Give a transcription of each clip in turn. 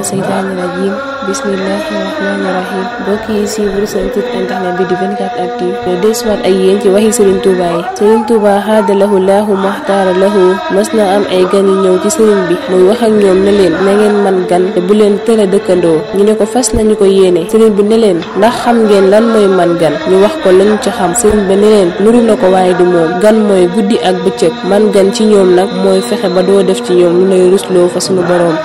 mina seytaani rajim bismillahi rahmaani rahim mbokk yi suivre seen site internet bi di 24actu le desuwaat ak yéen ci waxi Serigne Touba yi Serigne Touba xaadalahu laahu maxtaara lahu mas na am ay gan yu ñëw ci Serigne bi muy wax ak ñoom ne leen na ngeen man gan te bu leen tëra dëkkandoo ñu ne ko fas nañu ko yéene Serigne bi ne leen ndax xam ngeen lan mooy man gan ñu wax ko lañu ci xam Serigne bi ne leen nuru na ko waaye di moom gan mooy guddi ak bëccëg man gan ci ñoom nag mooy fexe ba doo def ci ñoom lu lay rusloo fa sunu boroom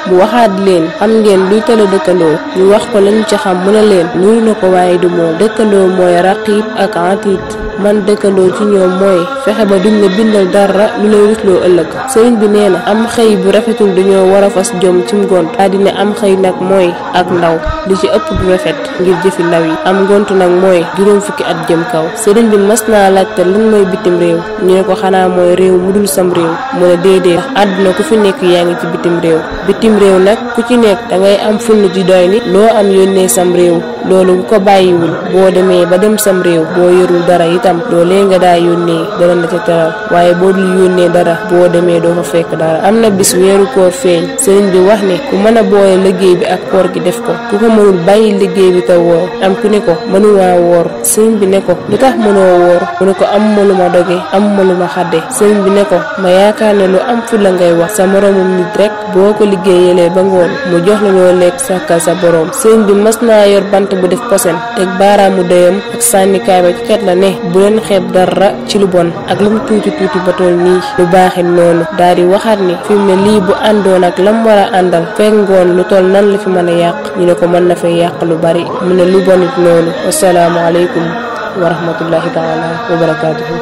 ngeen luy télé dëkkandoo ñu wax ko lañu ci xam mu ne leen nuru na ko waaye du moom dëkkandoo mooy raqiib ak atiit man dëkkandoo ci ñoom mooy fexe ba duñ la bindal dara lu lay rusloo ëllëg sëriñ bi nee na am xëy bu rafetul dañoo war a fas jom ci ngont daa am xëy nag mooy ak ndaw li ci ëpp du rafet ngir jëfi ndaw yi am ngont nag mooy juróom fukki at jëm kaw sëriñ bi mas naa laajte lan mooy bitim réew ñu ko xanaa mooy réew mu dul sam réew mu ne déedéet ndax àdduna ku fi nekk yaa ngi ci bitim réew bitim réew nag ku ci nekk da ngay am full ji doy ni loo am yónnee sam réew loolu ko bàyyiwul boo demee ba dem sam réew boo yorul dara it itam loolee nga daa yónnee dana la ca teral waaye boo yónnee dara boo demee doo fekk dara am na bis weeru koor feeñ sëriñ bi wax ne ku mën a boole liggéey bi ak koor gi def ko ku ko mënul bàyyi liggéey bi te woor ku ne ko mënumaa woor sëriñ bi ne ko lu tax mënoo woor mu ne ko am ma lu ma doge am ma lu ma xadde sëriñ bi ne ko ma yaakaar ne lu am fu la ngay wax sa moromum nit rek boo ko liggéeyalee ba ngoon mu jox la loo lekk sàkkal sa borom sëriñ bi mas naa yor bant bu def posen teg baaraamu doyam ak sànnikaay ba ci cat la ne bu leen xeeb dara ci lu bon ak lu mu tuuti tuuti ba toll nii lu baaxi noonu daal waxaat ni fi ne lii bu àndoon ak lam war a àndal fekk ngoon lu toll nan la fi mën a yàq ñu ne ko mën na fay yàq lu bari mu ne lu bonit noonu asalaamaaleykum wa rahmatullahi taala wa barakaatuhu